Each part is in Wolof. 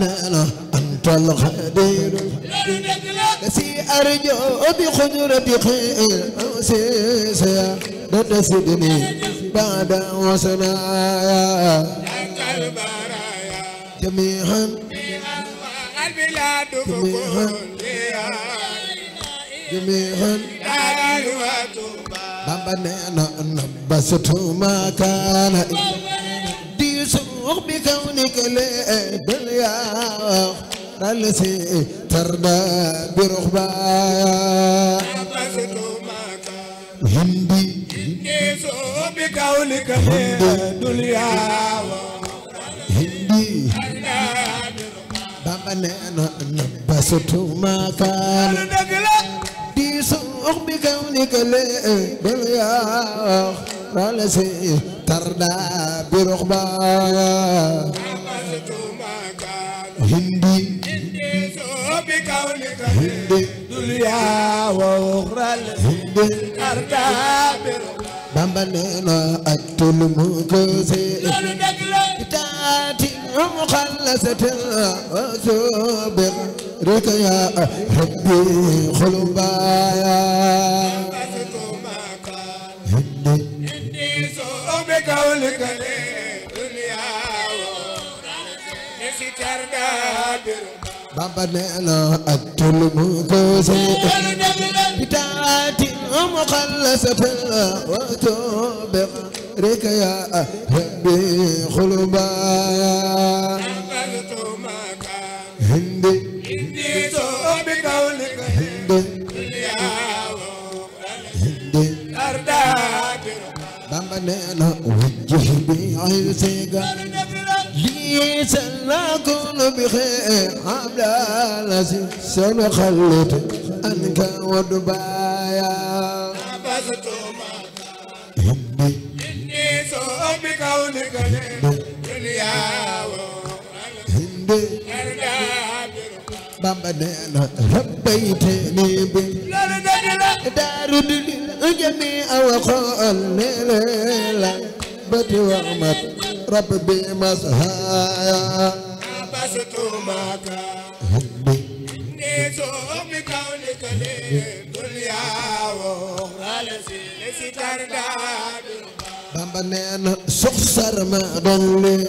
لا أنت القدير نسي أرجو بخدرتك سيسيا تسدني بعد وصنايا جميعا البلاد جميعا جميعا بابا نانا نبست ما كان دي سوق بكونك لأبدا يا نلسي ترنا برغبايا هندي بقولك يا دنيا هندي بابا انا نبسط ما كان ديسوق بقولك يا دنيا نلسي ترنا برغبايا هندي بقولك هندي دنيا واخرى هندي ارتاب بامبا نانا اتل مكوزي بتاعتي مخلصة وسوبر ريك يا ربي خلوبايا هندي هندي صوبك ولك ليه ستر دابر بابا نانا الظلم كوزي بتاعتي مخلصة وتوبق ريك يا ربي خلبايا هندي هندي توب قولك هندي هندي أرداد بابا نانا وجه بعزيك ليس لا كل بخير حمد الذي سنخلط أنك ودبايا إني إني سوء بقولك دنيا هندي بابا دينا ربيتني بي دار دنيا جميع وقال ليلة بدي وعمت ربي مسهايا عبست معك همي نيزو أمي كونك لدنيا وغرال سيلسي ترداد بابا نين سخسر ما دولي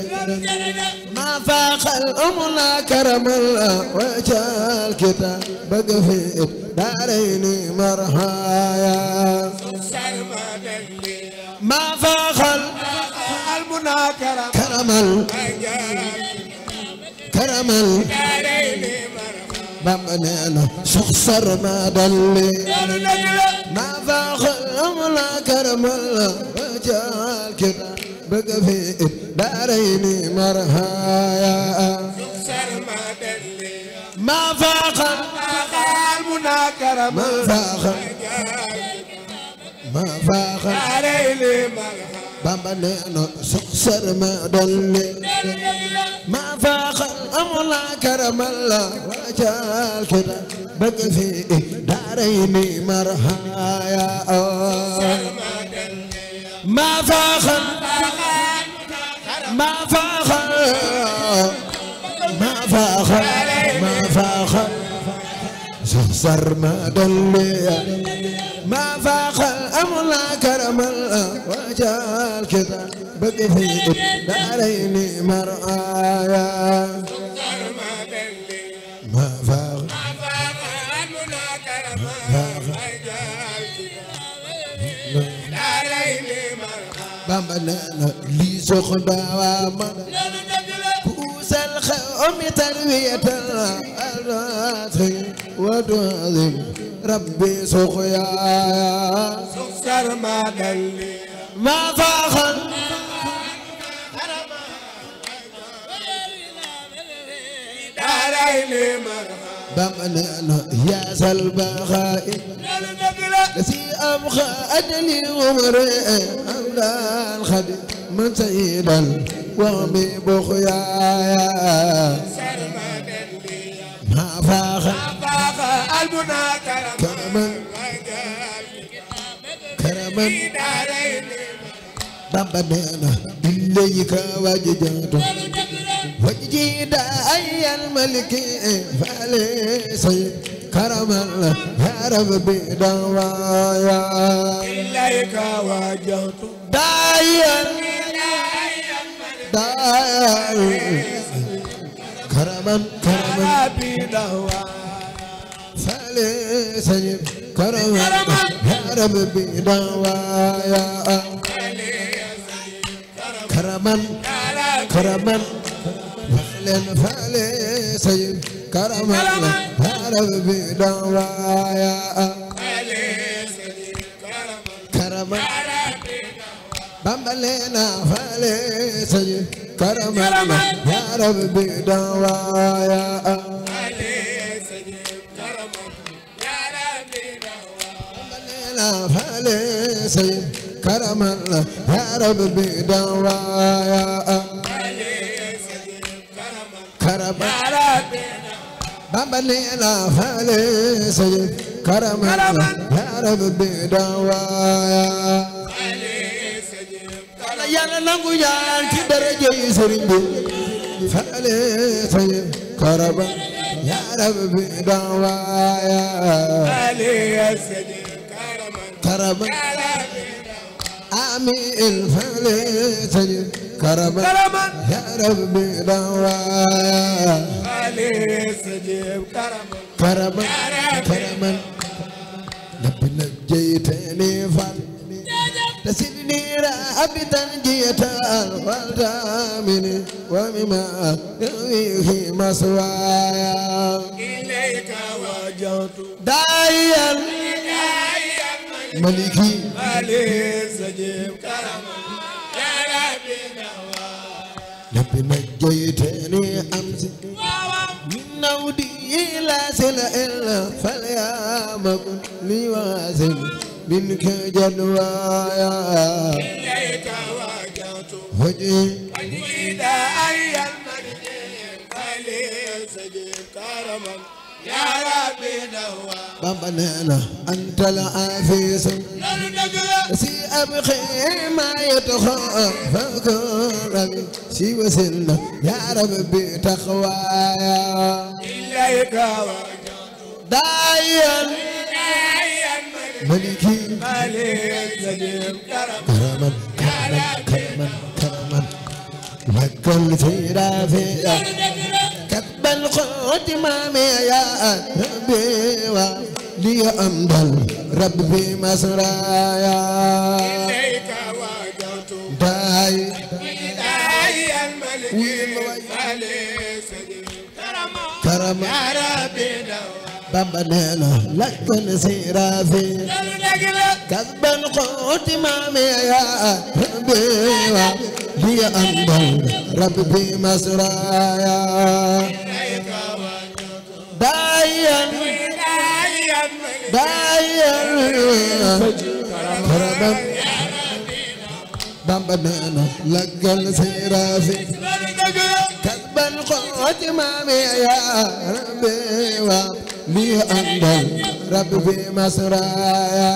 ما فاق الأمنا كرم الله وجال كتاب بقفيت داريني مرهايا سخسر ما دولي ما فاق الأمنا ربنا كرم كرما كرما بمنال سخسر ما ضل ما فاخ لا كرم كرم بقى في دارين مرهايا ما ضل ما فاخ ما فاخ ما فاخ دارين مرهايا bamba nee na soxor ma dolli ma faaxal amul karamal la waajal kita bëgg fi daarayni marhaaya ma faaxal ma faaxal ma faaxal ma faaxal soxor ma dolli ma faaxal amul karamal la waajal ذاكر بقفي داريني مرآيا ما فاغ ما فاغ بمنا لي سخن بواما كوس الخوم تروية الراثي ودوازم ربي سخيا سخر ما دلي ما فاخر دارين بمن يا سلبخاء نسي أبخى أدني ومرئ أمنا الخبير من سيدا وامي بخيايا ما فاخر المناكر كمن man bamba neena billahi ka waji jaatu waji da ayyal maliki fale say karamal ya rabbi dawa ya billahi ka wajatu dayan dayan karaman karaman bi dawa علي سيد كرم يا رب بنا ويا كرما كرما فعل فعل سيد كرما يا رب بنا ويا كرما بمبلينا فعل سيد كرما يا رب بنا ويا لنا فليسي كرما يا ربي دوايا كرما bi faale say كرما آمين فليتجد كرما يا ربي دعوايا فليستجب كرما كرما كرما لب نجيتني فل تسدني رابطا جيت الفلت مني ومما يغيه مسوايا إليك وجهت داعيا ملكي مالي سجيب كرما يا ربي لبي نجيتني أمس من نودي لا سل إلا فليا مكن لي واسل منك جلوايا إليك وجهت وجهي وجهي إلى أي المرجع فليس جيب كرما يا ربي نوا بابنا أنت العفيس سي أبخي ما يتخافك ربي سي وسلنا يا ربي يا إليك وجهت ملكي ملك زليم كرما كرما كرما وكل في رافئة وتمامي يا ربي ولي أمدل ربي مزرايا إليك وجهت داي داي الملك الملك كرم يا ربي بابا نانا لك تنسي رافي كذبا قوت مامي يا ربي لي أمدل ربي مزرايا باين كرما بابا نانا لقل سيرافي كتب القوة مامي يا ربي وبي أندل ربي في مسرايا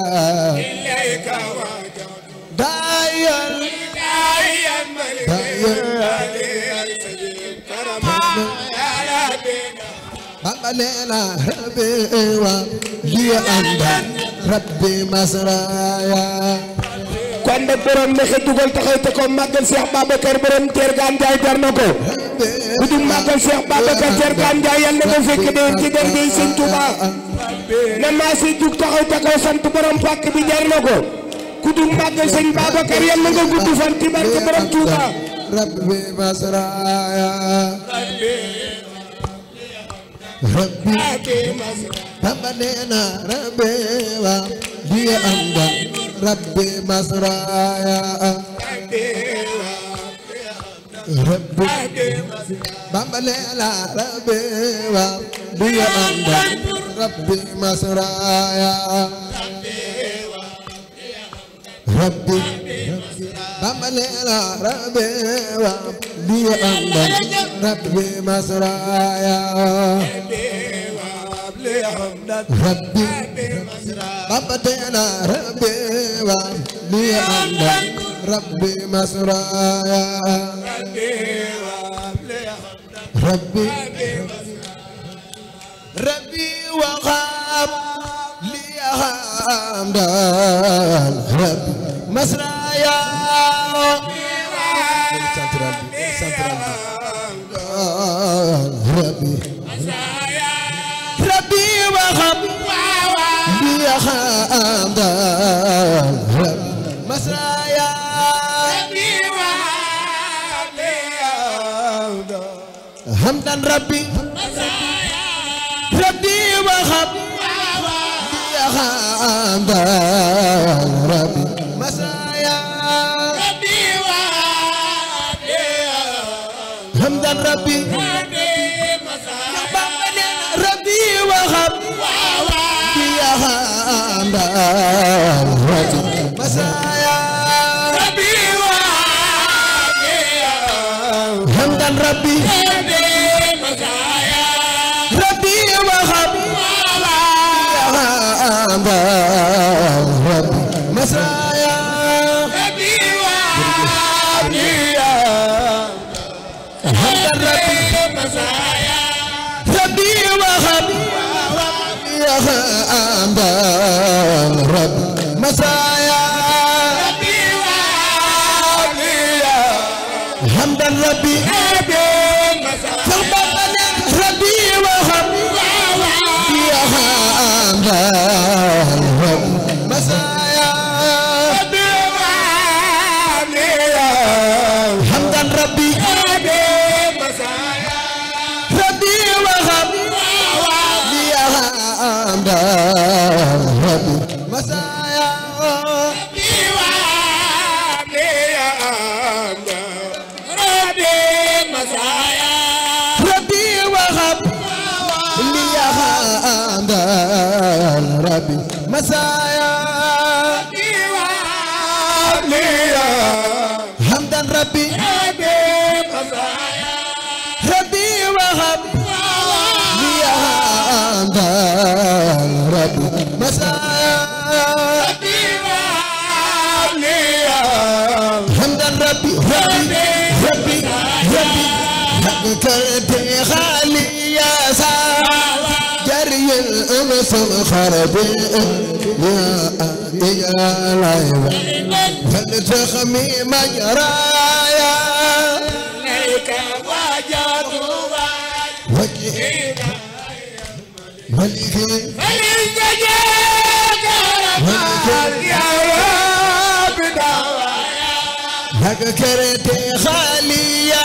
إليك وجه داين داين ملك داين كرما يا ربي bamba nee na rabbi wa li anda rabbi masraya kon nag borom nexe dugal taxaw te ko màggal Cheikh Babacar borom teer gaan jaay jar na ko bu du màggal Cheikh Babacar gaan jaay yal na ko fekk déwén der day sëñ Touba jug taxaw te ko sant bi jar na ko ku du màggal sëñ yal na nga gudd fan ci barke rabbi dama neena rabbi wa di anda rabbi masraya rabbi bamba neena rabbi wa di anda rabbi masraya rabbi أمل ربي وأبدي عمدا ربي مسرايا ربي أبدي ربي وأبدي عمدا ربي مسرايا ربي ربي وغاب لي حمدا ربي مسرايا rabbi naan rabbi bamba nee na rabbi waxam bi yaxamba wati masaya rabbi waxam hamdan rabbi rabbi waxam bi yaxamba wati masaya رب مسايا خربي يا يا لعيبة فلتخمي مجرايا إليك وجد وجهي ملكي ملكي يا رب دوايا ذكرتي خاليا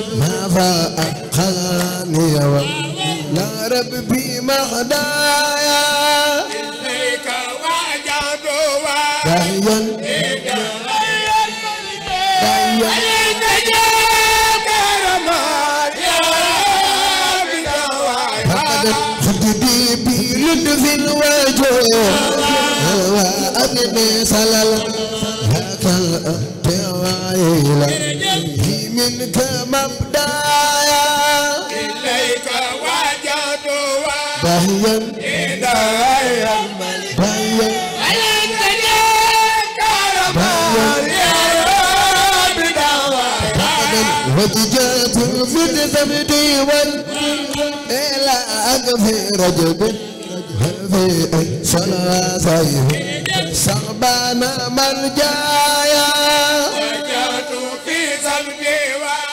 ما فأخاني لا ربي مهدايا إليك وجدوا دايا دايا لطف الوجوه وأبني سلل هكا الأبتوائل منك مبدايا إليك وجهت وهيا إلهي الملك ألم تجدك ربا وججات في زمدي وال إلى أقفي رجب في صلاة صيف صعبان مرجايا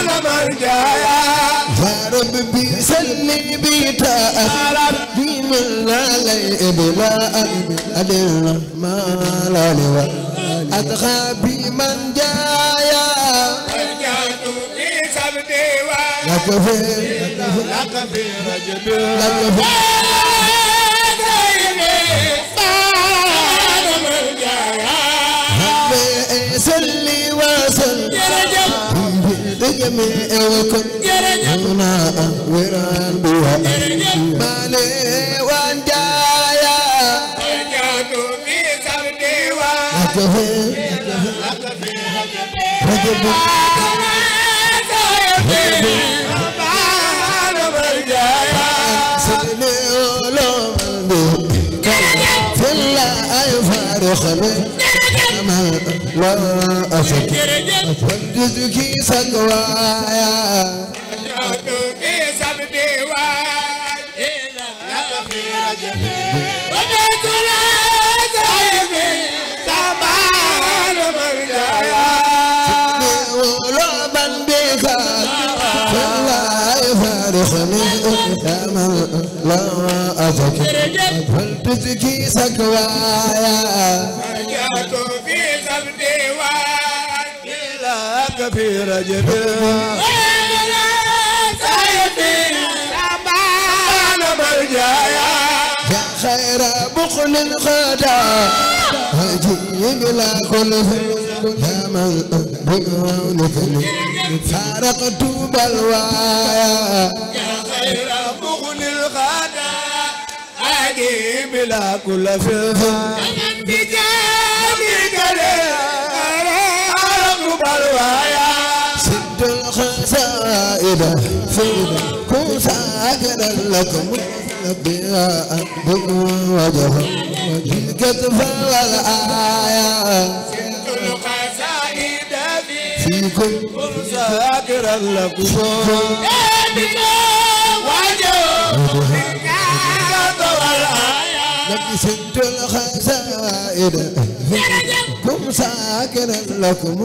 أنا مرجايا فارب بي سلمي بي تاء ديم لالي إبلاء أدل ما لالي أدخى بي من جايا رجعت في سبدي لك في لك في رجبي لك في kon una weran duwa male wan jaya jatu fi sabdewa akafe akafe akafe فلا يفارقني ما لا أفكر Kunduz ki sakwaya Kunduz ki sabdewa Ila nafi rajmi Wada kula zaymi Samal marjaya Uluban bikat Kulai farihni Utamal la في رجب خير بخل خدا هجيب لا كل يا من بقولك فارقت بلوايا يا خير بخل خدا هجيب لا كل فيها سيدة سيدة كن ساكنا لكم نبيا أنبكم وجهه بالكتف والآية فيكم كن ساكنا لكم نبيا وجهه لك سد الخسائد كم ساكنا لكم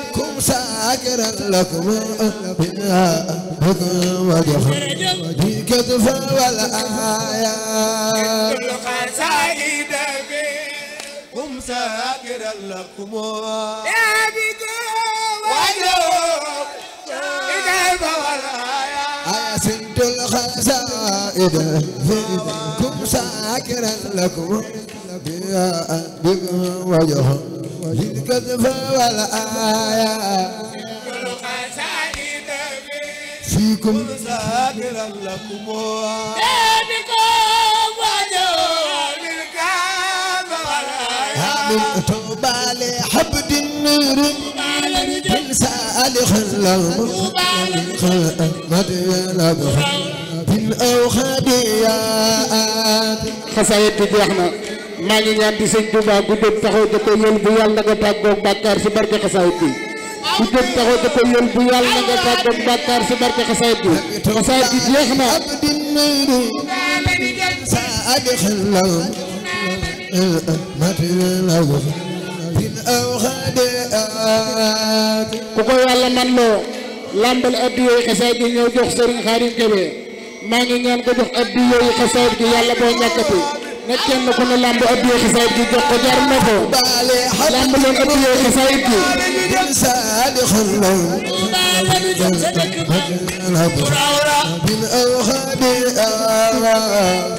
شاكرا لكم بناء حكم وجهه في كتف والآيات كل قصائد بكم شاكرا لكم يا بكم وجهه كتف والآيات سنت القصائد فيكم شاكرا لكم بناء بكم وجهه للكذب والآية فيكم ساكرا لكم بكم وجوه للكذب والآية توبى لحبد النور تنسى لخل المخل مدينة بخل بالأوخاديات خسائد بيحنا maa ngi ñaan di sëñ Touba ku jóg taxaw te ko yéen bu yàlla na nga tàggoog bàkkaar si barke xasaayit bi ku jóg taxaw te na nga tàggoog bàkkaar si barke xasaayit bi xasaayit bi jeex maa ngi ñaan ko jox addi yooyu xasaayit bi yàlla ne kenn ku ne lamb addiyee xasaayit gi jox ko jar na ko lamb leen addiyee xasaayit gi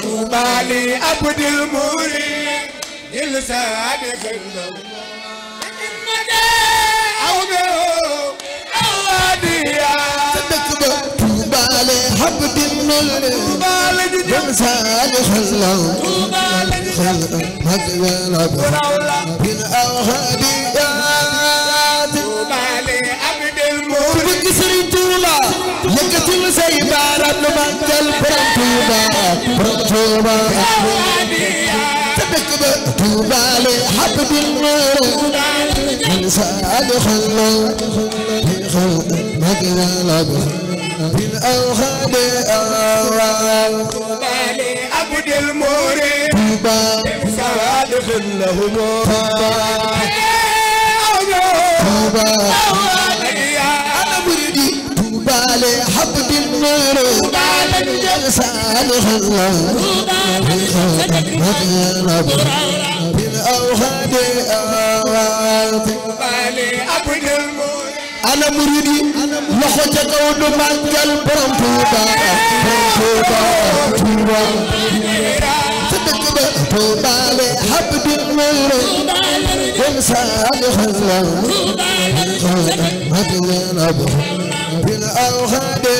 tuubaali abdil muri il saadiq law aw aw adiyaa عبد النور بن صالح الله خلق مجلب بن أوهديات عبد المور بكسر تولا لكتل سيبار ابن مجل برمتوبا برمتوبا توبى لحبب النور من صالح الله في خلق مجلب بالأوهاد أوهاد طوبى لعبد الموري طوبى لسواد خلهم طوبى أنا مريدي طوبى لحبد النور طوبى للجلسان خلهم طوبى للجلسان بالأوهاد أوهاد طوبى لعبد ana murid yi loxo ca kaw du màggal borom Tuuba borom Tuuba Tuuba sa dëkk ba Tuuba le habdi nuru kon saali xasla madina bu bil awxaade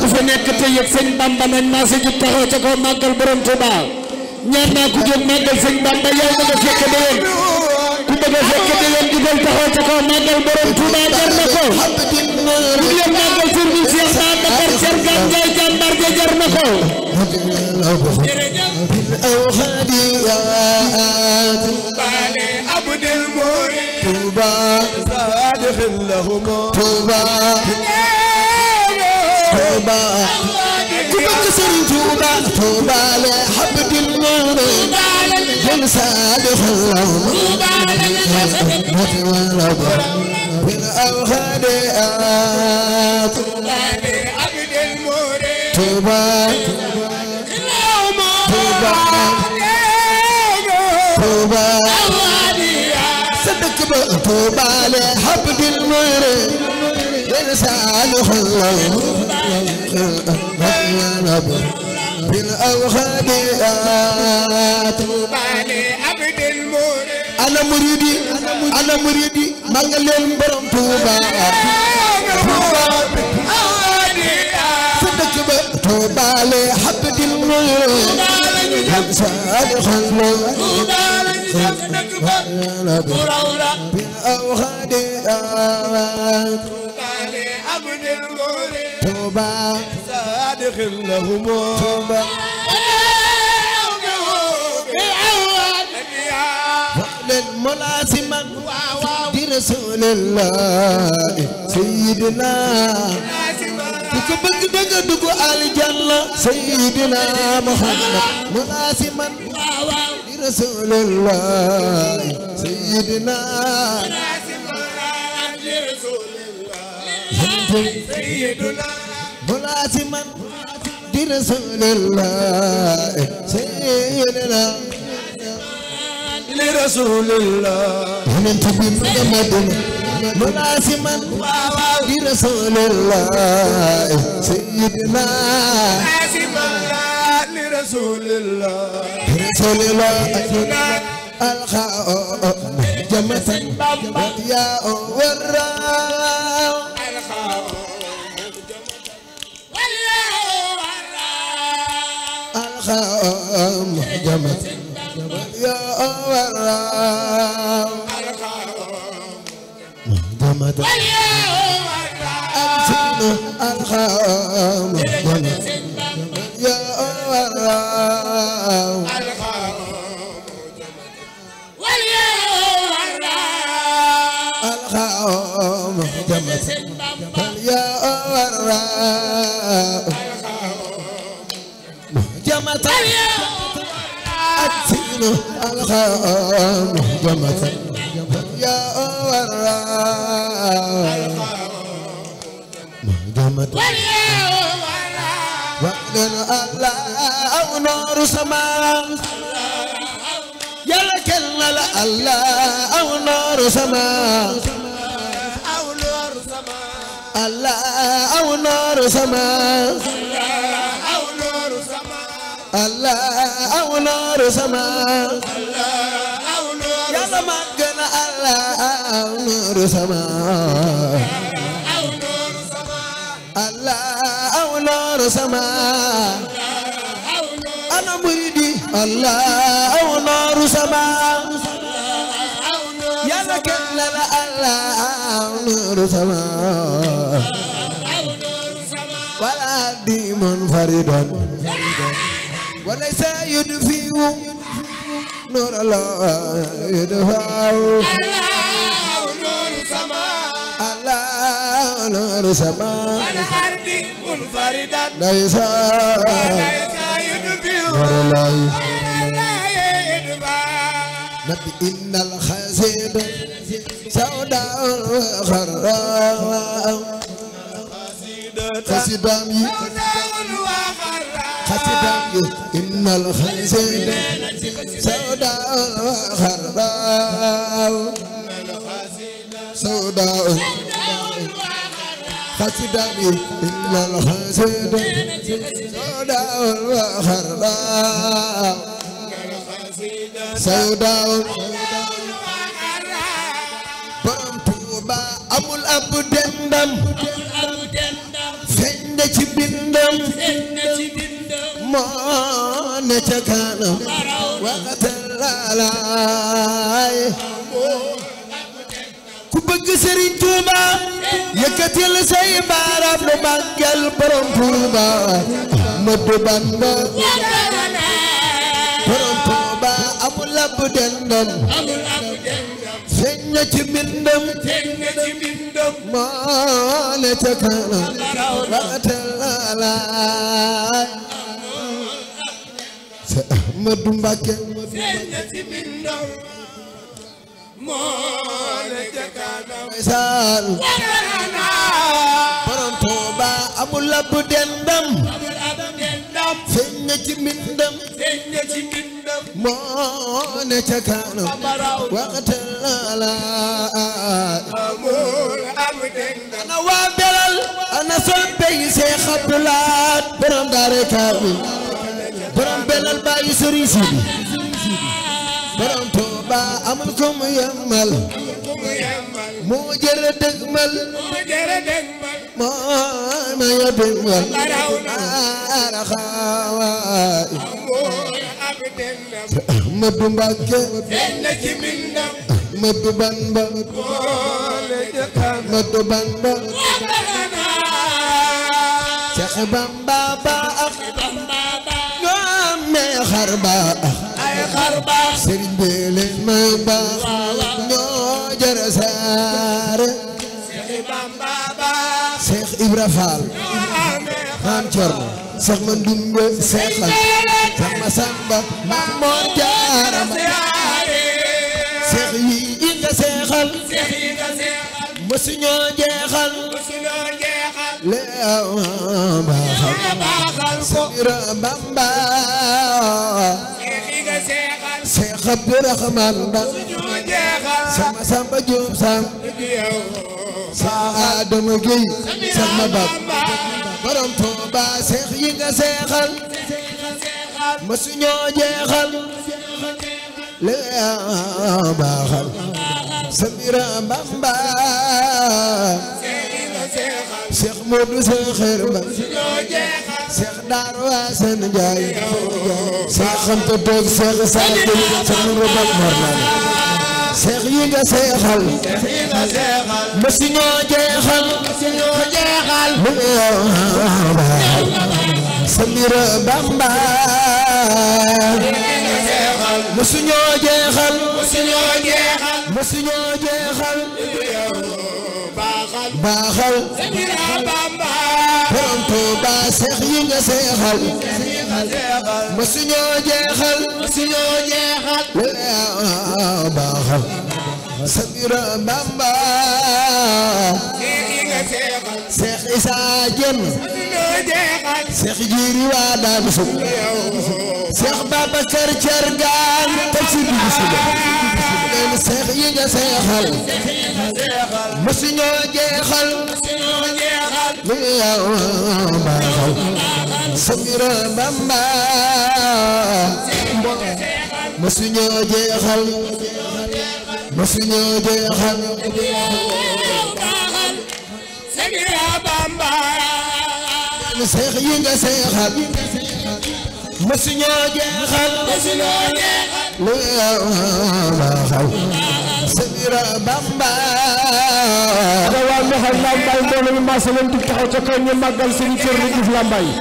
ku fa nekk te yëg sëñ Bamba nañ maa sa jub taxaw ca kaw màggal borom Tuuba ñaan naa ku jóg màggal sëñ Bamba yàlla nga fekk déwén bëgg a fekk déwén di doon taxaw ca kaw màggal borom Touba jar na ko. bu ñu yem màggal tur bi Cheikh Babacar Cheikh Gandiaye jàmbar ja jar na ko. Touba Touba Touba ku bëgg Serigne Touba Touba le habdil murid من سالف اللوم والرضا بالأوهاد طوبى لعبد المريد طوبى طوبى طوبى صدق طوبى لعبد المريد من سالف اللوم والرضا بالأوهاد طوبى انا مريدي انا مريدي مانغاليل مبرم توبا توبا توبا توبا لحب دي توبا توبا توبا توبا ملازما لرسول الله سيدنا ku bëgg dëgg dugg aljanna sayyidina muhammad mulasiman li rasulillah sayyidina mulasiman li rasulillah sayyidina لرسول الله من تبي محمد ملازما لرسول الله سيدنا لازما لرسول الله لرسول الله الخاء جمة يا يا وراء الخاء جمة جمعت سين الخاء محجمة يا وراء محجمة وعد الله أو نور سماء يا لك الله أو نور سماء أو نار سماء الله أو نور سماء allah aw nooru sama yàlla màgg na allah aw nooru sama allah aw nooru sama ana muridi allah aw nooru sama yàlla kenn la la allah aw nooru sama wala di munfaridun وليس يدفي نور الله يدفع الله نور السماء الله نور سماء والأرض منفردا ليس يدفي نور الله نبي إن الخزيب سوداء وخراء خسدامي خسدامي إن الخنزير سوداء وخرباء سوداء خسدامي إن الخنزير سوداء وخرباء سوداء بامتوبا أمو الأبو دندم فين دي بندم moo ne ca kanam laalaay ku bëgg Serigne Touba yëkkatil say baaraam lu màggal borom Touba Ahmadu Bamba borom Touba amul ab dendam feeñ na ci mbindam moo ne ca kanam laalaay Seex Ahmadu Mbàkke seenati min ndaw moo ca kanam sal warana amul ab dendam amul ab min ndam seenati ca kanam waxta la amul ab dendam ana waa belal ana soppey Seex Abdulaat borom daare kaamil belal baayu sëriñ si bi borom Tuuba amul ko mu yemmal moo jërë dëgmal moo ma yebimmal araxaawaay Ahmadu Mbàkke Ahmadu Bamba Ahmadu Bamba Seex Bamba ba ak ay xarbaax ay baax ñoo jara saare Cheikh Bamba baax Cheikh Ibra Fall Maam Cerno Cheikh man yi nga seexal Cheikh yi nga seexal mosu ñoo Abdourahmane Ba sama Samba Diop Sam sa Adama Gueye sama bab borom Tuuba seex yi nga seexal masu ñoo jeexal le baaxal sa mbira Bamba Cheikh Modou Sakhir Ba Cheikh Darou Assane Ndiaye Cheikh Xamta Toog Cheikh Saal Jël Cheikh Mourabak Mornal Cheikh yi nga seexal mësu ñoo jeexal mu yow ba Samira Bamba mësu ñoo jeexal mësu ñoo jeexal baaxal borom Tuuba seex yi nga seexal masu ñoo jeexal baaxal samira bamba seex isa jën jeexal Seex Jiiri waa daa bi sub Seex Babakar Cargaan teg si dugg si la leen seex yi nga seexal mësu ñoo jeexal lu yow baaxal samira bamba mësu ñoo jeexal mësu ñoo jeexal samira bamba seex yi nga seexal mësu ñoo jeexal mësu ñoo jeexal lu baaxal sabira bamba da waa mbaxal lambaay mbooloo mi maasa leen di taxaw ca kaw ñu màggal seen cër Diouf Lambaye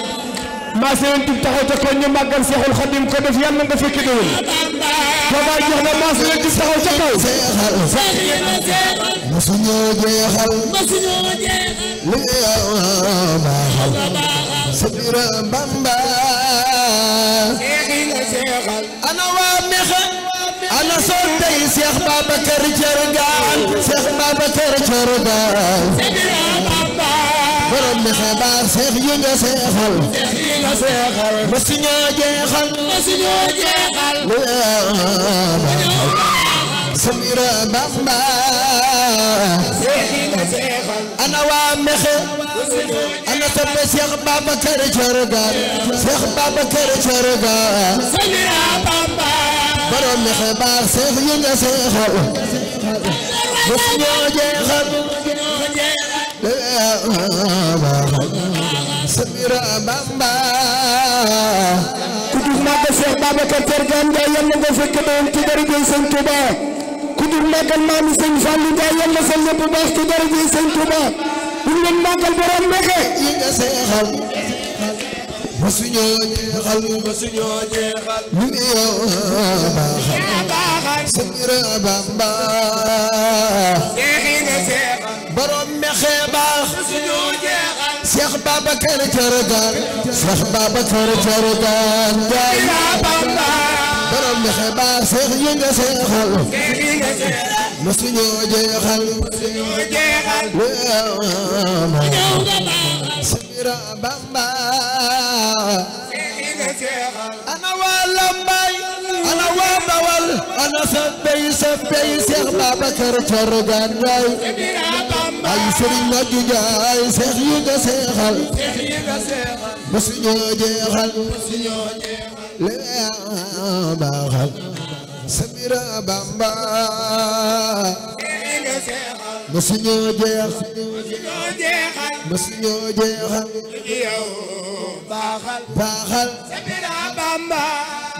ba seen tub taxaw ca kaw ñu màggal Seexul Xadim ko def yàlla nga fekk déwén baba jox na ba seen tub taxaw ca kaw masuñu jeexal masuñu jeexal li ma xal sa biir Bamba ana waa mexe ana soo tey Seex Babacar Thierno Gane Seex Babacar Thierno Gane borom bi xibaar seex yi nga seexal ma si jeexal lu yaaba samira bamba ana waa mexe ana seex yi nga seexal ma si jeexal samira bamba ku jug màggal Cheikh Babacar Thierno Ndiaye yal na nga fekk doon ci daraja Sëñ Touba ku jug màggal maam Sëñ na sa lépp baax ci daraja Sëñ Touba bu ñu leen màggal borom seexal borom mexe baax Cheikh Babacar Thiorogal Cheikh Babacar Thiorogal Njaay borom mexe baax Cheikh yi nga seexal mosu ñoo jeexal Sabira Bamba ana waa Lambaay ana waa Bawal ana sa bay sa bay Cheikh Babacar Thiorogal Njaay ay sëriñ ma ju seex yu nga seexal mos ñoo jeexal lee baaxal sabira bamba mos ñoo jeex mos ñoo jeexal baaxal sabira bamba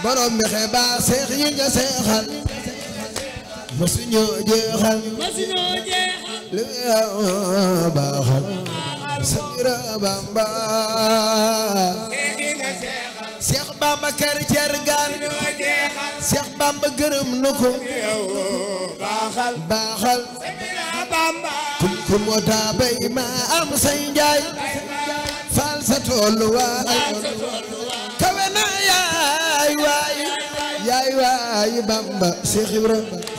borom mexe baax seex yu nga mësuñu jeexal mësuñu jeexal lu yaa baaxal sabira bamba Seex Bamba kër jargaan Seex Bamba gërëm na ko baaxal baaxal sabira bamba kum kum wata bay ma am say njaay faal sa tollu waay kawe na yaay waay yaay waay bamba Seex Ibrahima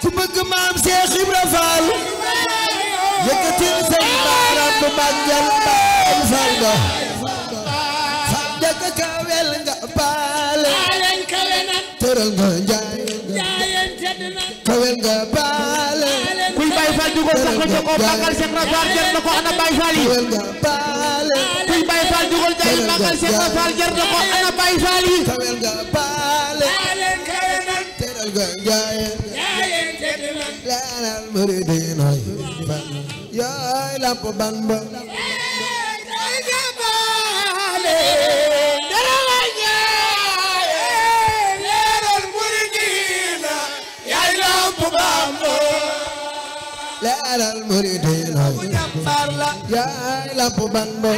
ku bëgg maam Cheikh Ibra Fall yëkkatil seen baaraam bu màggal baal Fall ba fa jëkk kawel nga baale tëral nga njaayeen kawel nga baale kuy Baay Fall jugo sax ko jogo màggal Cheikh Ibra Fall jar na ko ana Baay Fall yi kawel nga baale kuy Baay Fall jugo jaay màggal Cheikh Ibra Fall jar na ko ana Baay Fall yi kawel nga baale tëral nga njaayeen ñaanal muridina yaay la ko Bamba leeral muridina yaay la ko Bamba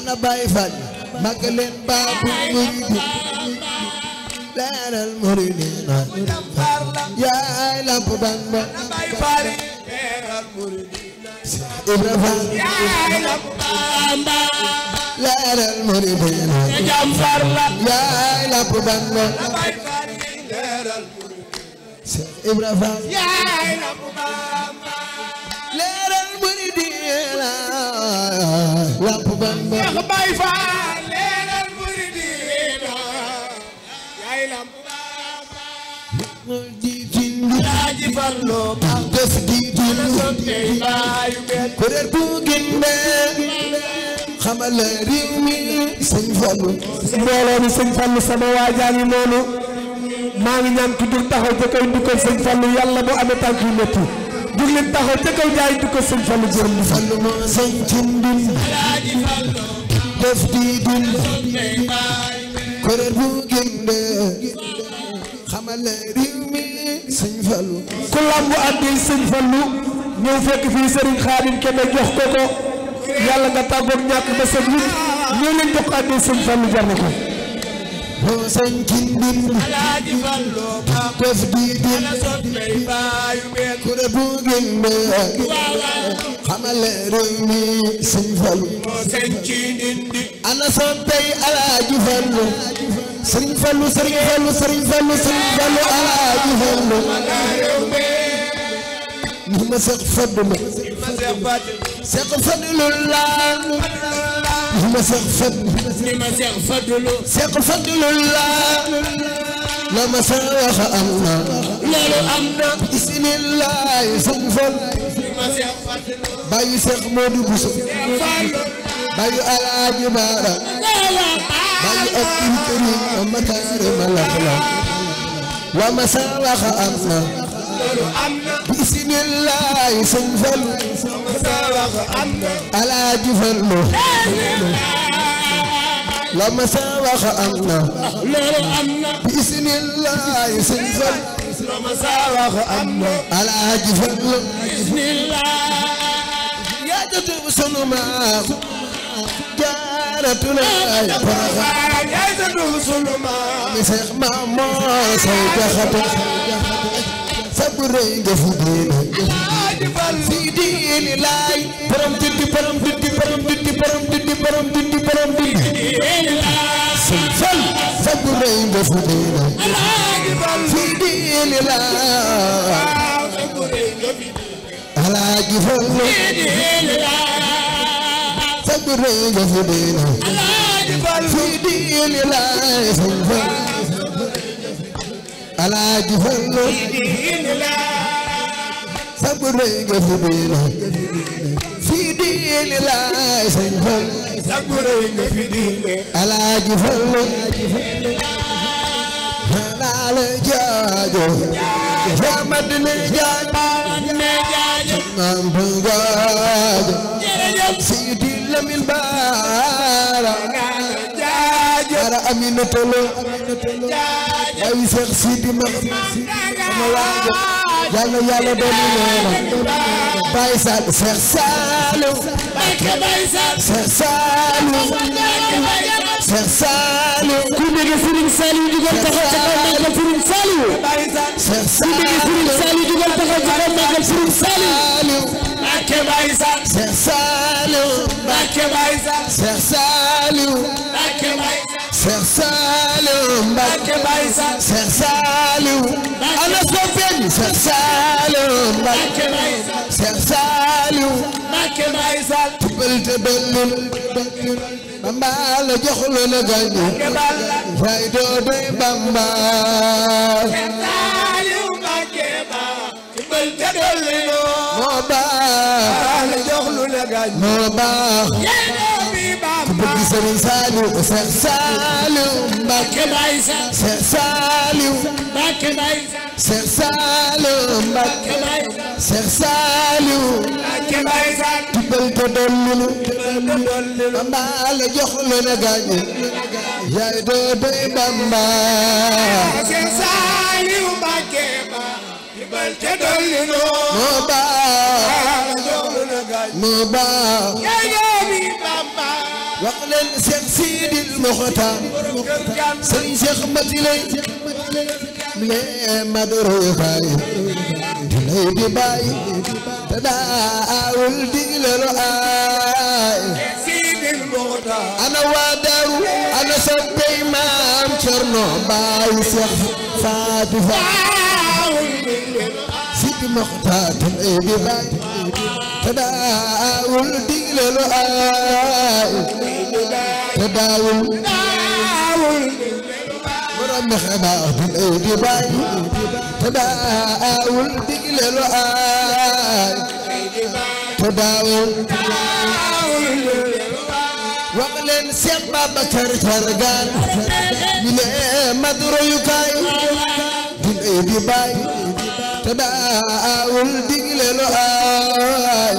ana Baay Faal mag leen baabu murid leeral muridina yaay lamp Bamba Ibra Faal yaay lamp Bamba leeral muridina yaay lamp Bamba Ibra Faal yaay lamp Bamba leeral muridina lamp Bamba Alaaji Fallu Kankos la sottee baayu benn kuréel bu gindee xamal la réew mi sëñ Fallu sama waajaa ngi noonu maa ngi ñaan ku jóg taxaw ca kaw ndukkal sëñ bu amee tànk yu métti jóg leen taxaw ca kaw jaay ndukkal sëñ Fallu jërëm bu gindee Fallu ku làmb addi sëñ Fallu ñëw fekk fii sëriñ Xaadim Kebe jox ko ko yàlla nga tàggoog ñàkk ba sa addi sëñ Fallu moo sañkin mbir alaaji Fallu ba def di dir ku ne bu gën be xamale réew mi sëñ Fallu moo sañkin mbir ana soppey alaaji Fallu sëñ Fallu sëñ Fallu sëñ Fallu ni ma seq faddu ma seq faddu laa dina seex fad dina seex la la ma seex am na loolu am na bismillah sëñ Fall Baara bàyyi Abdul Karim ma kaarima la la ma seex am بسم الله سن فلو على جفلو لما ساوخ أمنا بسم الله سن فلو لما ساوخ أمنا على جفلو بسم الله يا جدو سنما جارتنا يا فرغا يا جدو سنما مسيخ ماما سيجا خطر saburay nga fi diine alaaji fal fi diine laay borom dindi borom dindi borom dindi borom dindi borom dindi borom dindi sëñ fal saburay nga fi diine alaaji fal fi diine laay alaaji fal saburay nga fi diine alaaji fal fi diine laay sëñ fal ala juhanna sabur nga fi diina fi diina laay sëñ Fall sabur nga fi diina ala juhanna ala la jaajo jamat ne jaajo maam bu jaajo sidi lamin baara jaara amina ay Seex Sidi ma sama waa ngi yàlla yàlla doon leeral Baye Sall Seex Saalu Seex Saalu Seex Saalu ku bëgg Serigne Saliou jugal taxaw ci kaw màggal Serigne Saliou Seex Saalu ku bëgg Serigne Saliou jugal taxaw ci kaw màggal Serigne Saliou Mbàkke Baye Sall Seex Saalu Mbàkke Baye Sall Seex Saalu Mbàkke Baye Sall Cheikh Saliou Mbacké Baye Sall Cheikh Saliou ana soppeeku Cheikh Saliou Mbacké Baye Sall Cheikh Saliou Mbacké Baye Sall tubal te bennul Bamba la jox lu la gañu fay doo doy Bamba Cheikh Saliou Mbacké Ba tubal te bennul moo baax la jox lu la gañu moo baax bëgg Serigne Saliou Cheikh Saliou Mbacké Baye Cheikh Saliou Mbacké Baye Cheikh Saliou Mbacké Baye Cheikh Saliou Mbacké Baye tibal te dollulu Bamba la jox lu na gaañu yaay doo doy Bamba Cheikh Saliou Mbacké Baye tibal te dollulu moo baax moo baax wax leen Cheikh Sidil Mokhtar Serigne Cheikh Mati lay mais Madoro Faye di lay di bàyyi te daawul digle lu aay ana waa Daaru ana soppey maam Cerno Baay Cheikh Fatou Faye مختاتم ايبي باي تداول ديلو اي تداول تداول ورم خباتم ايبي باي تداول ديلو اي تداول وقلن سيبا بكر ترغان من مدرو يكاي دين ايبي باي tabaawul digle lu aay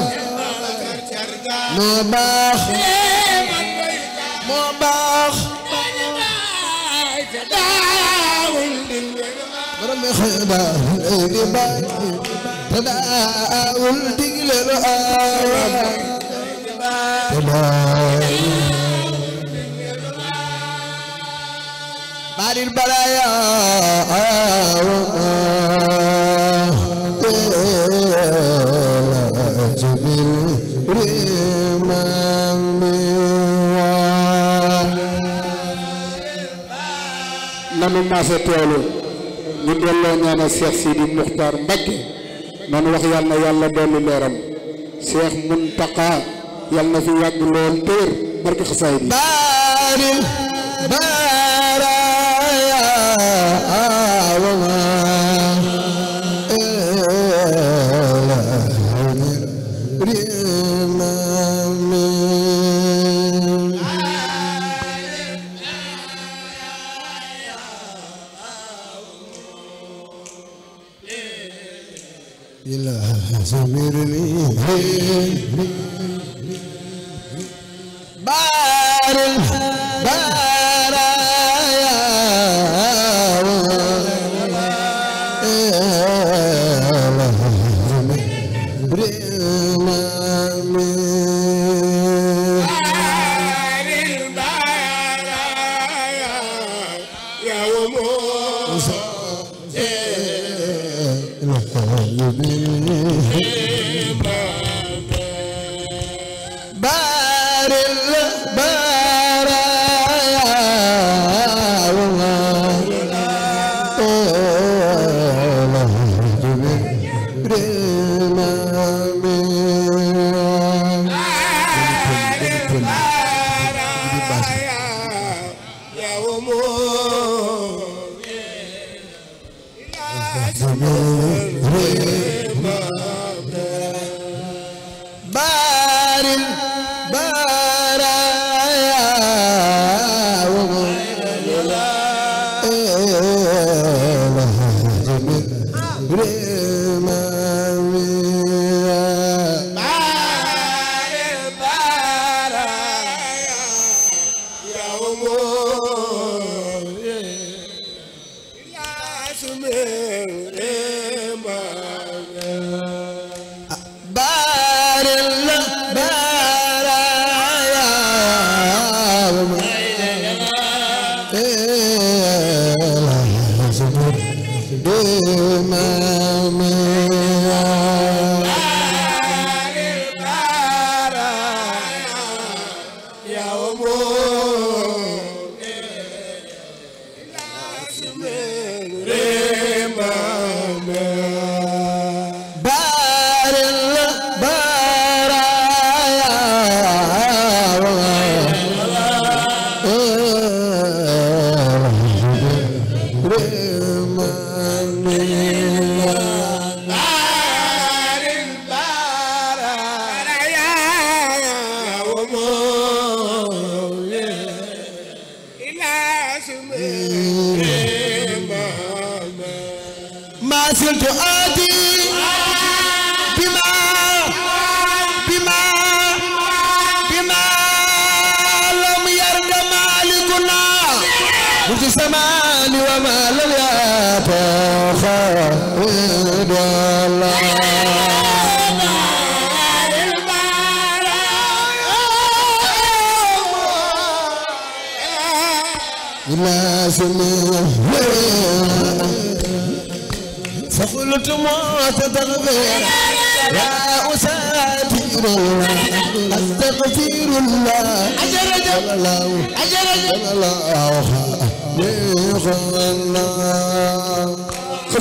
moo baax moo baax borom xibaar lay di baay tabaawul digle lu aay tabaawul بعد البرايا nanu maase teewlu ñu delloo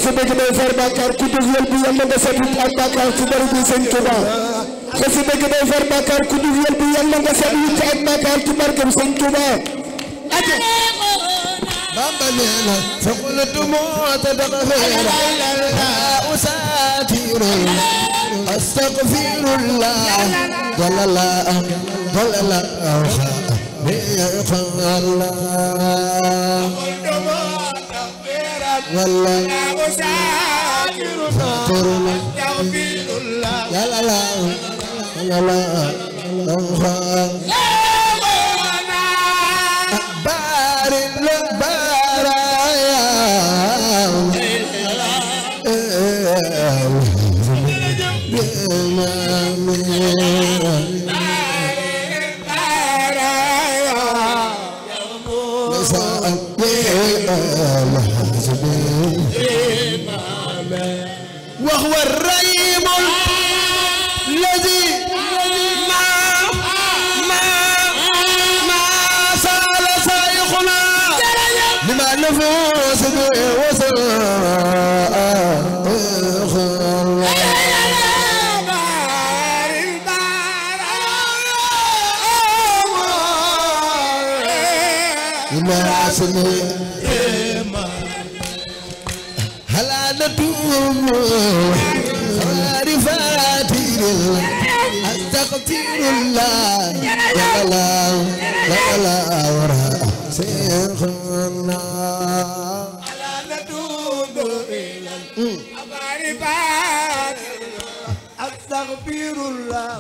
xasida gi day far bàkkaar ku déglu bu yàlla nga seet wut ak bàkkaar ci bari bi sëñ Touba xasida gi day far bàkkaar ku déglu bu yàlla nga seet wut ak bàkkaar ci barke bi sëñ Touba bamba nee na فقلت موت تغفيرا لا أساتر أستغفر الله ضل الله ضل الله والله ترنا يا لا لا لا لا لا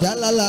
Jalala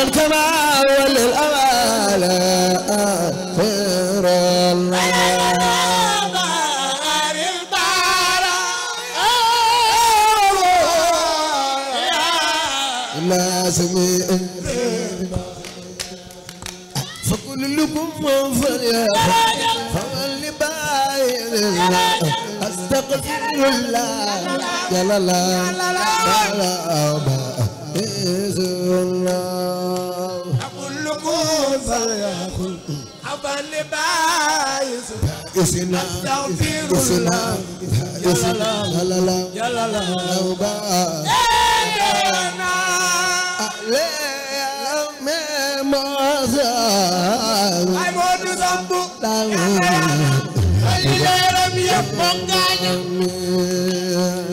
يا تماول الأمال آخر الله لازم فكل لكم منفر فمن باين استغفر الله يا لا لا لا لا صل بايس اسنا اسنا اسنا لا لا لا لا لا لا لا لا لا لا لا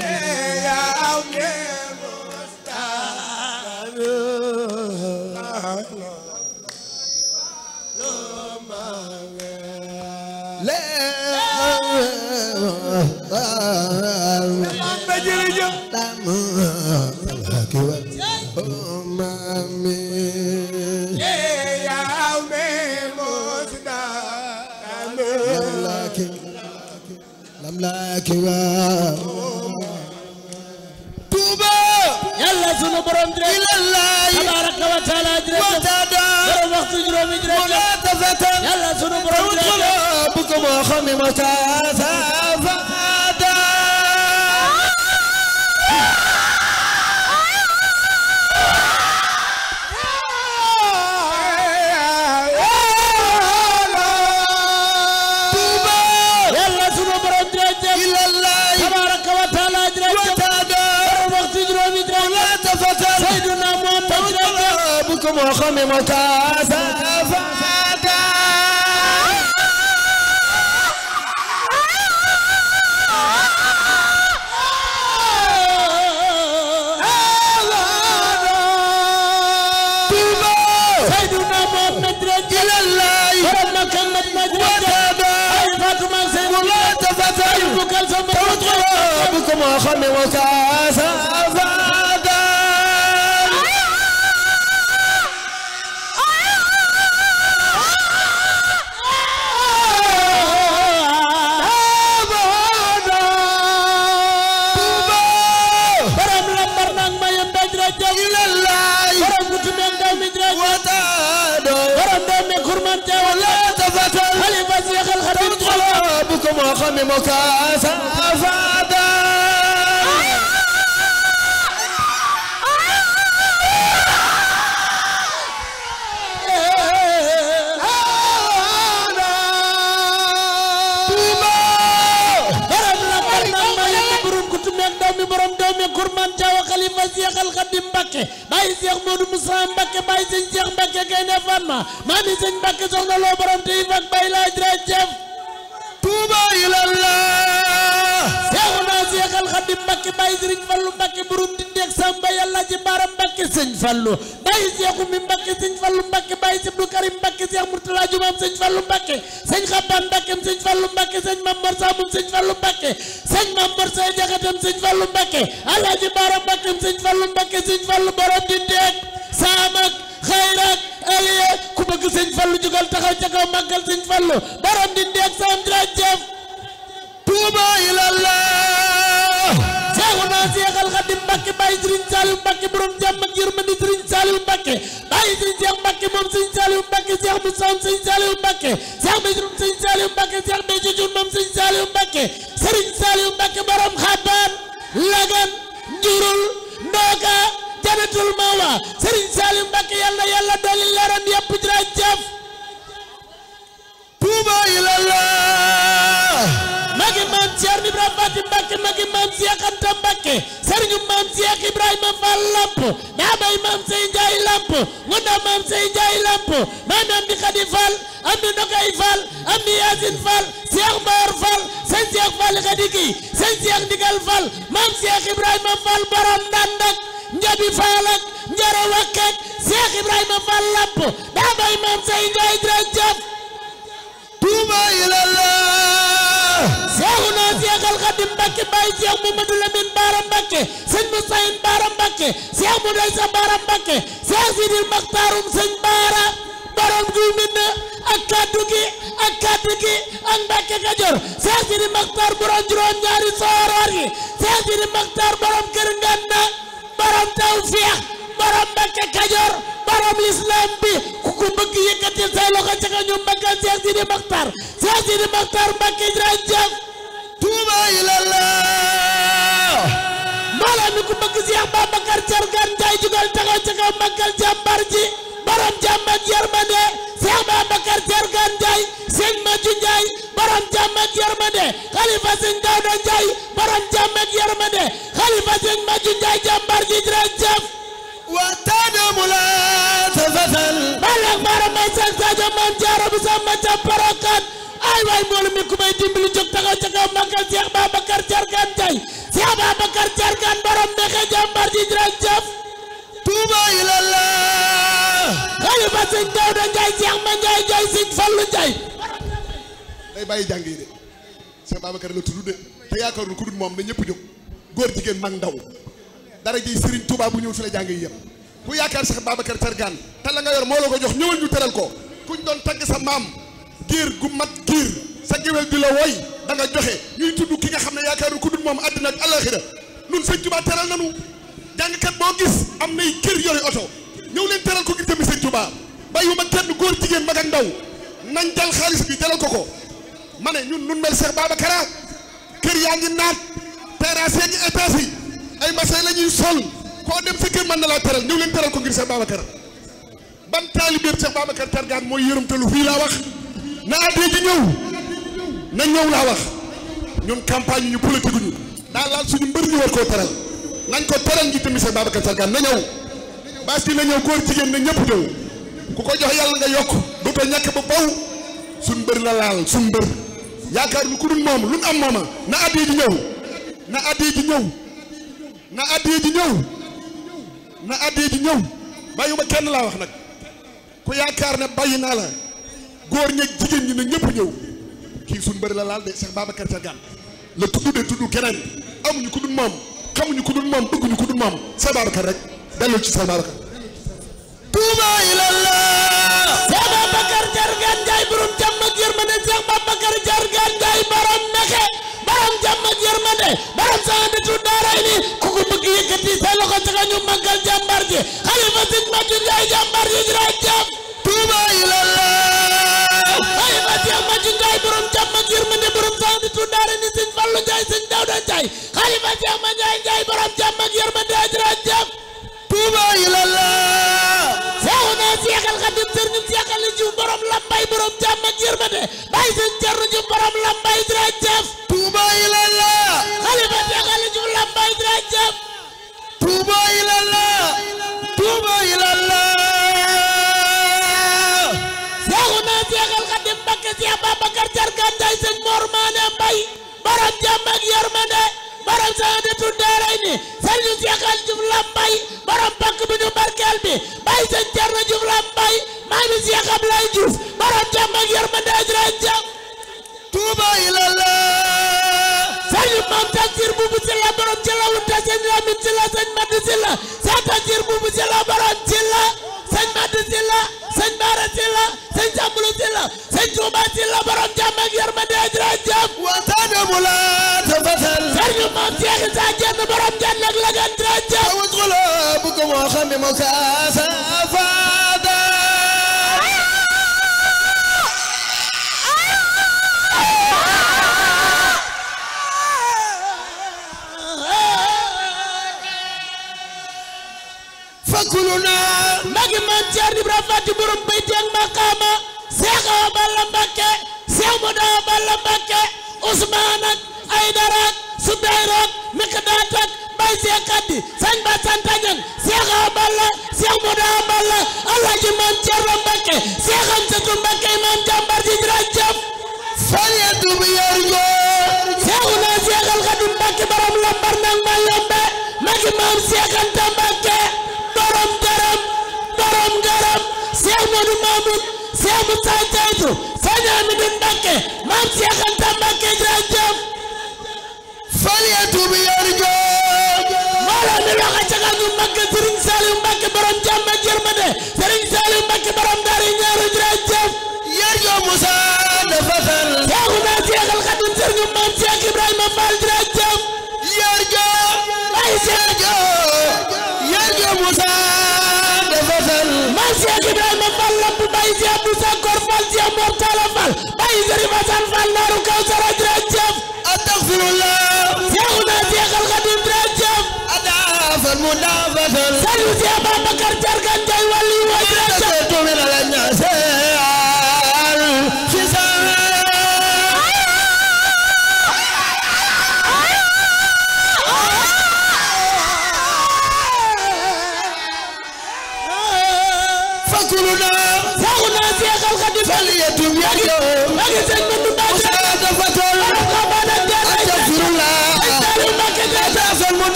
amlaaki waaw tuuba yàlla sunu borom direct ilallahi tabaraka wa taala direct watada borom waxtu juróomi direct munatafatan yàlla sunu borom direct bu ko moo xami mo taasa الفخم متاسفاتا سيدنا محمد رجل الله ورمك محمد وتابا أي فاطمة سيد الله تفتح أي بكال سمع وطلع بكم أخم متاسفاتا tó mọ̀ ọkọ mi mo kà á sáfàdà. Kurman Mami Serigne Mbacké Soxna Lo Borom Tey Fak Baye Laaj jeff Touba ilallah seexu naa seexal xadim Mbàkke bàyyi sëriñ Fallu Mbàkke burum di ndeeg samba yàlla ci baram Mbàkke sëñ Fallu bàyyi seexu mi Karim Mbàkke seex Murtala jumaam Fallu Mbàkke sëñ Xabbaan Mbàkkem sëñ Fallu Mbàkke sëñ Mam Mor Saamum Fallu Mbàkke sëñ Mam Mor Say Fallu Mbàkke alaaji Fallu Mbàkke sëñ saamak xayraat aliye ku bëgg sëñ fallu jugal taxaw ca kaw màggal sëñ fallu borom di ndeeg saam diraaj tuuba ilallah seexuna seexal xadim mbàkke bàyyi sëriñ saaliw mbàkke borom jàmm ak yërmandi seex mbàkke moom sëriñ saaliw mbàkke seex bi jurum sëriñ saaliw mbàkke seex bi jujun moom sëriñ saaliw mbàkke sëriñ saaliw mbàkke borom xabaan lagan njurul ndooka jannatul mawa Serigne Saliou Mbacké yalla yàlla dolli leeram yëpp jërëjëf Touba ilallah magi maam Cheikh Ibrahima Faty Mbacké magi maam Cheikh Anta Mbacké Serigne maam Cheikh Ibrahima Fall Lamp daa bay maam Sey Lamp ngunda maam Sey Ndiaye Lamp maam Amdi Khady Fall Amdi Ndokay Fall Amdi Yacine Cheikh Mbaor Fall sëñ Cheikh Khadiki Cheikh Cheikh njabi faal ak njara wakk ak Cheikh Ibrahima Fall maam say njaay jërëjëf tuuba ilallah seexuna Cheikh al Xadim Mbacke Baye Cheikh Mamadou Lamine Bara Mbacke sëñ Moussaïne Bara Mbacke Cheikh Moudaysa Bara Mbacke Cheikh Sidil Maxtaarum sëñ Bara borom gi min ak kaddu gi ak kaddu gi ak Mbàkke Kajoor Seex Sidi Maxtaar borom juróom ñaari sooroor yi Seex Sidi Maxtaar borom kër ngan na borom tawfeex borom Mbakke Kajoor borom lislaam bi ku ko bëgg yëkkatil say loxo ca ka ñu mbakkan Seex Sidi Maxtaar Seex Sidi Maxtaar tuuba ilallah mbooleem mi ku bëgg Seex Babacar Cargaan tay jugal taxaw ca kaw mbakkal jàmbar ji borom jàmbat yërmande Cheikh Babacar Thiergane Ndiaye sëñ Maju Ndiaye borom jàmm ak yërmande xalifa sëñ Daouda Ndiaye borom jàmm ak yërmande xalifa sëñ Maju Ndiaye jàmbar ji jërëjëf وتدم لا تفصل بلغ مرمى سلسال من جارب سما تبركات ay waay mbooloo mi ku may dimbali jóg taxaw ca kaw màggal Cheikh Babacar Thiergane Ndiaye Cheikh Babacar Thiergane borom nexe jàmbar ji jërëjëf Touba ilallah xalifa sëñ Daouda Ndiaye Cheikh Ma Ndiaye Ndiaye sëñ Fallou Ndiaye day bàyyi jàng yi de Cheikh Babacar la tudd te yaakaarul ku dul moom na ñëpp jóg góor jigéen mag ndaw dara ji Serigne Touba bu ñëw fi la jàng yi yëpp ku yaakaar Cheikh Babacar Thiergane te la nga yor moo la ko jox ñëwal ñu teral ko kuñ doon tagg sa maam giir gu mat giir sa géwél di la woy da nga joxe ñuy tudd ki nga xam ne yaakaarul ku dul moom àddina ak alaxira nun sëñ Touba teral nanu jàngkat boo gis am nay kër yori oto ñëw leen teral ko ngir jëmmi sëñ Touba bàyyiwuma kenn góor jigéen mag ndaw nañ dal xaalis bi dalal ko ko ma ne ñun nun mel Cheikh Babacar ah. kër yaa ngi naat terrasse yaa ngi étage yi ay masay la ñuy sol koo dem sa kër mën na laa teral ñëw leen teral ko ngir Cheikh Babacar ban taalibeeb Cheikh Babacar tergaan mooy yërëmtalu fii laa wax na addee ji ñëw na ñëw laa wax ñun campagne ñu politique ñu daa laal suñu mbër ñu war koo teral nañ ko teral ngi tamit Cheikh Babacar na ñëw baas bi na ñëw góor jigéen na ñëpp ñëw ku ko jox yàlla nga yokk dootoo ñàkk ba baw suñ mbër la laal suñ mbër yaakaar lu ku dul moom lu am mooma na addi di ñëw na addi di ñëw na addi di ñëw na addi di ñëw bàyyiwuma kenn laa wax nag ku yaakaar ne bàyyi naa la góor ñeeg jigéen ñi na ñëpp ñëw kii suñ bëri la laal de Cheikh Babacar Thiagane la tudd de tudd keneen amuñu ku dul moom xamuñu ku dul moom bëgguñu ku dul moom Cheikh rek dellul ci sëñ Babacar tuuba ilallah Cheikh Babacar Diargane Ndiaye borom jàmm ak yërmande Cheikh Babacar Diargane Ndiaye borom nexe borom jàmm ak yërmande borom saandatu daaray ni ku ko bëgg yëkkati sa loxo ca ñu màggal jàmbar ji xalifa sëñ Matu Ndiaye jàmbar ji dina jàmm tuuba ilallah xalifa Cheikh Matu Ndiaye borom jàmm ak yërmande borom saandatu daaray ni sëñ Fallu Ndiaye sëñ Dawda Ndiaye xalifa Cheikh Ma Ndiaye Ndiaye borom jàmm ak yërmande ajra jàmm Touba ilallah seexu na seexal xadim sëriñ seexal li jiw borom lambay borom jàmm ak yërmande bàyyi seen jarru ji borom lambay dara jëf Touba ilallah xalifa seexal li jiw lambay dara jëf Touba ilallah Touba ilallah seexu na seexal xadim Mbakke Seex Babacar Jargaan Njaay sëñ Mor Maane Mbay borom jàmm ak yërmande borom saadatu daarayni Serigne Cheikh Al Diouf Lambaye borom pakk bu ñu barkeel bi Baye Serigne Thierno Diouf Lambaye maami Cheikh Ablaye Diouf borom jàmm ak yërmande ajran jàmm Touba ilallah sëriñ maam Tandiir Buubu Silla borom ci la wunta sëñ Lamin ci la sëñ Madu ci la sa Tandiir Buubu Silla borom ci la sëñ Madu ci la sëñ Baara ci la sëñ Sambulu ci la sëñ Tuuba ci la borom jàmm ak yërmande ajra maam Seex Isa Jeen borom jànn ak lagan dra fati borom bayti ak maqaama Seex Awa Balla Mbakke Seex Modu Awa Balla Mbakke Usmaan ak Aydara ak Bay Seex Xaddi Sëñ Ba Santa Ñaŋ Balla Seex Modu Awa Balla Alaaji Maam Cerno Mbakke Seex Amsatu Mbakke Maam Jàmbar ji jërëjëf fayetu bi yor góor Seexuna Seex al Mbakke borom lambar nang ma yombe magi maam Seex Anta Mbakke Ahmadu Mamoun Cheikh Moussa Diagne Sëñ Amady Mbacke Mame Cheikh Anta Mbacke jërëjëf. Faliya tuubi yor jooj. Mawla ne wax ca kàddu Mbacke Serigne Saliou Mbacke borom jàmm ak yërmande Serigne Saliou Mbacke borom daari ñaaru jërëjëf. yor joo Moussa dafa xel. Seexu naa Seexal Xadim Serigne Mame Cheikh Ibrahima Fall jërëjëf. yor joo. waay yor joo. yor joo Moussa dafa xel. Mame Cheikh Ibrahima. Mbaye Dieng Moussa Kor Fall Dieng Mor Talla Fall Baye Serigne Assane Fall Naaru Kawsara jërëjëf astaghfirullah Seexuna Seexal Xadim jërëjëf ada fal mudafatal Serigne Cheikh Babacar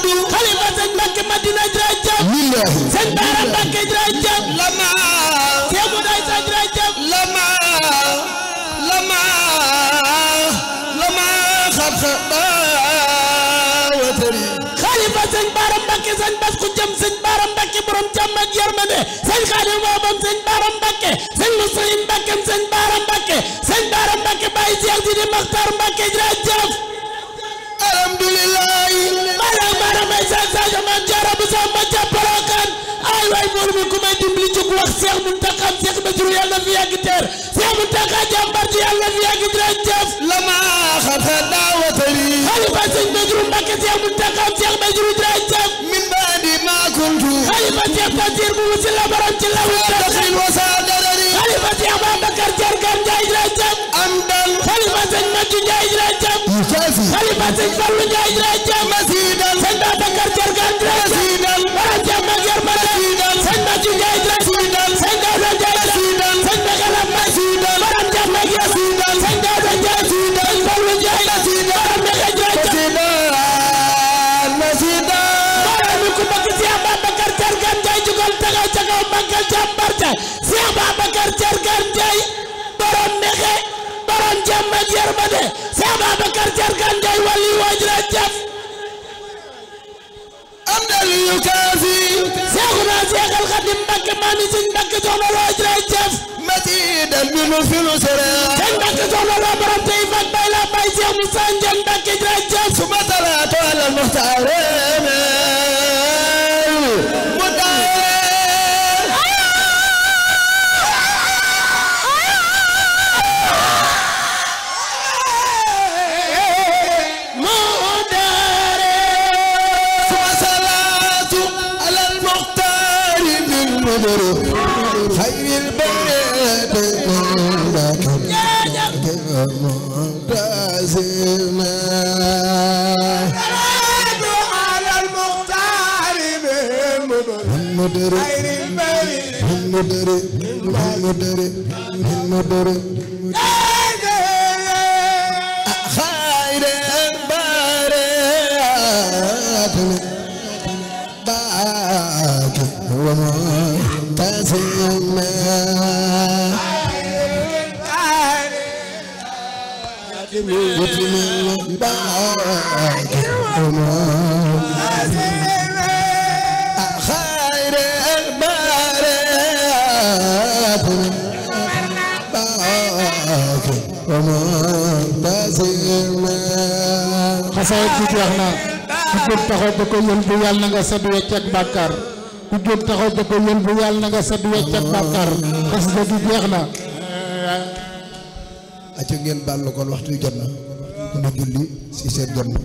Abdou xalifa sëñ Mbacke Madina jërëjëf lillahi sëñ Baara Mbacke jërëjëf lama Seeku Day sa jërëjëf lama lama lama xalifa sëñ Baara Mbacke sëñ Bass ku jëm sëñ Baara Mbacke borom jàmm ak yërmande sëñ Xaadim moom sëñ Baara Mbacke sëñ Musalim Mbacke sëñ Baara Mbacke sëñ alhamdulillahi maanaam maanaam may saag saag man jaara bu sax ma jàppalookan ay waay moom mi ku may dimbali jóg wax Seex Muntaxa Seex Basiru yàlla fi yàgg teer Seex Muntaxa jàmbar ji yàlla fi yàgg jërëjëf lama xata daawata li xalifa Sëñ Basiru Mbàkke Seex Muntaxa Seex Basiru jërëjëf min baadi ma kuntu xalifa Seex Basiru bu mu si la baram ci la xalifa si Ababacar Jargar Njaay jërëjëf am dal xalifa sëñ Maccu Njaay jërëjëf xalifa sëñ Fallu Njaay jërëjëf sëñ Babacar Jargar jërëjëf ba de Seex Babakar Jarkan Njaay wali wajra jaf am na lu ñu kaafi Seexuna Seexal Xadim Mbakke maami Sëñ Mbakke soxna loo wajra jaf matiidan bi nu fi nu seraa Sëñ Mbakke soxna loo borom tey fat bay la bay Seex Musaa Njaay Mbakke jra jaf suma talaatu ala dere hin mo dere hin mo dere hin mo dere Thank you. xasaayit bi jeex na ku jóg taxaw ba ko yël bu yàlla na nga sedd wecc ak bàkkaar ku jóg taxaw ba ko yël bu yàlla na nga sedd wecc ak bàkkaar xasida bi jeex na acca ngeen baal kon waxtu jot na nu julli si seet jot na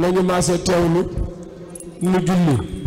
nañu maase teewlu nu julli